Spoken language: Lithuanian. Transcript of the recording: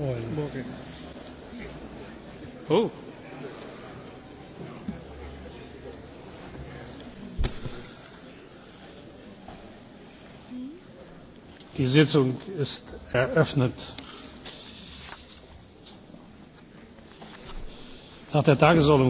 Oil. Morgen. Oh. Die Sitzung ist eröffnet. Nach der Tagesordnung